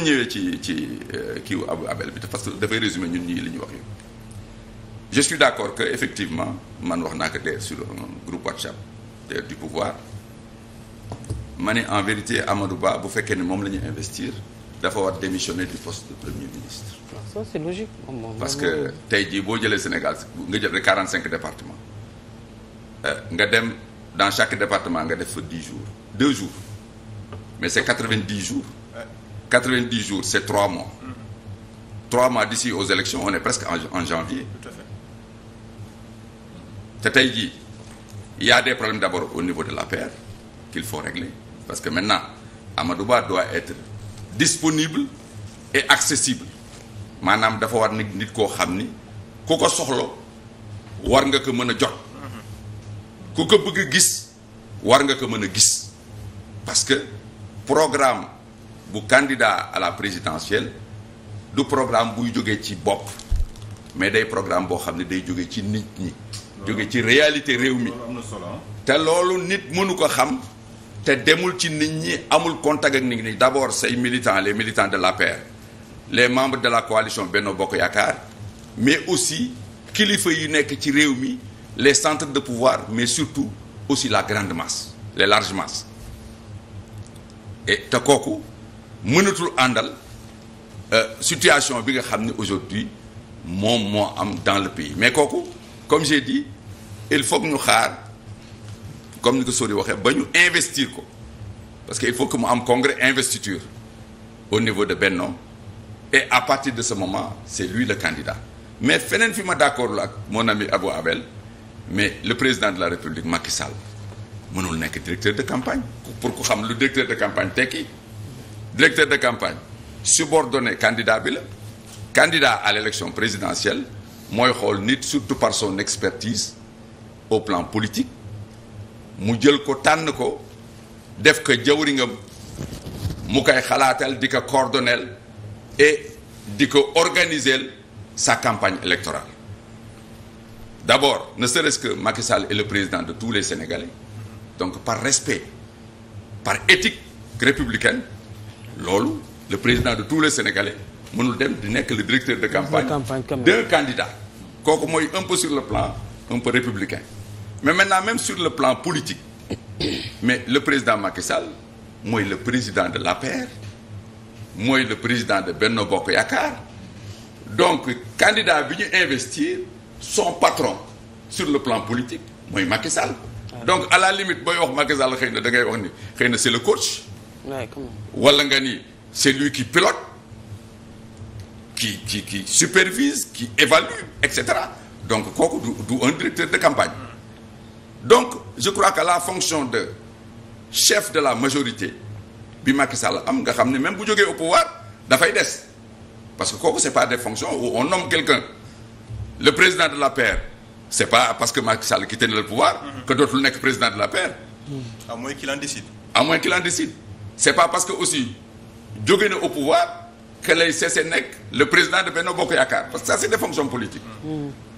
ma ñëwee ci ci euh, kiiwu Abou Abel bi parce que dafay résumer ñun nii li ñu wax yëpp je suis d'accord que effectivement man wax naa ko d'ailleurs sur un groupe WhatsApp du pouvoir ma ne en vérité Amadou baax bu fekkee ne moom la ñu investir dafa war démissionner du poste de premier ministre. Ah, parce que tey jii boo jëlee Sénégal nga jël rek 45 départements euh, nga dem dans chaque département nga def fa 10 jours 2 jours mais c'est 90 jours. 90 jours c'est trois mois trois mois d'ici aux élections on est presque en, en janvier Tout à tey jii il y a des problèmes d'abord au niveau de la l'APR qu'il faut régler parce que maintenant Amadou Ba doit être disponible et accessible maanaam dafa war nit nit koo xam ni ku ko soxlo war nga ko mën a jot ku ko bëgg a gis war nga ko mën a gis parce que programme bu candidat à la présidentielle du programme buy jógee ci bopp mais day programme boo xam ne day jóge ci nit ñi jóge ci réalité réew mi te loolu nit mënu ko xam te demul ci nit ñi amul contact ak nit ñi d'abord say militants les militants de la l'APR les membres de la coalition Benno Bokk Yaakaar mais aussi kilifa yi nekk ci réew mi les centres de pouvoir mais surtout aussi la grande masse les larges masses te kooku mënatul àndal euh, situation bi nga xam ne aujourd'hui moom moo am dans le pays mais kooku comme j'ai dit il faut que ñu xaar comme ni ko Sori waxee ba ñu investir ko parce que il faut que mu am congrès investiture au niveau de Benno et à partir de ce moment c'est lui le candidat mais feneen fi ma d'accord la ak mon ami Abou Abel mais le président de la République Macky Sall mënul nekk directeur de campagne pour ku xam lu directeur de campagne tekki directeur de campagne subordonné candidat bi la candidat à l'élection présidentielle mooy xool nit surtout par son expertise au plan politique mu jël ko tànn ko def ko jawriñam mu koy xalaatal di ko coordonnel et di ko organiser sa campagne électorale d'abord ne serait-ce que Macky Sall le président de tous les Sénégalais donc par respect par éthique républicaine loolu le président de tous les sénégalais mënul dem di nekk le directeur de campagne d'un candidat kooku mooy un sur le plan un peu républicain mais maintenant même sur le plan politique mais le président Macky Sall mooy le président de l'APR mooy le président de Benno Bokk Yaakaar donc candidat bi ñu investir son patron sur le plan politique mooy Macky Sall ah. donc à la limite booy wax Macky xëy na da ngay wax ni xëy na c'est le coach walla nga ni c'est lui qui pilote qui qui qui supervise qui évalue et cetera donc kooku du du un directeur de campagne donc je crois que la fonction de chef de la majorité bi Macky am nga xam ne même bu jógee au pouvoir dafay des parce que kooku c'est pas des fonctions où on nomme quelqu'un le président de la paire c'est pas parce que Macky Sall quitté le pouvoir que dootul nekk président de la paire à moins qu'il en décide à moins qu'il en décide c'est pas parce que aussi jóge na au pouvoir que lay cessé nekk le président de Benno Bokk Yaakaar parce que ça c'est des fonctions politiques. Mm.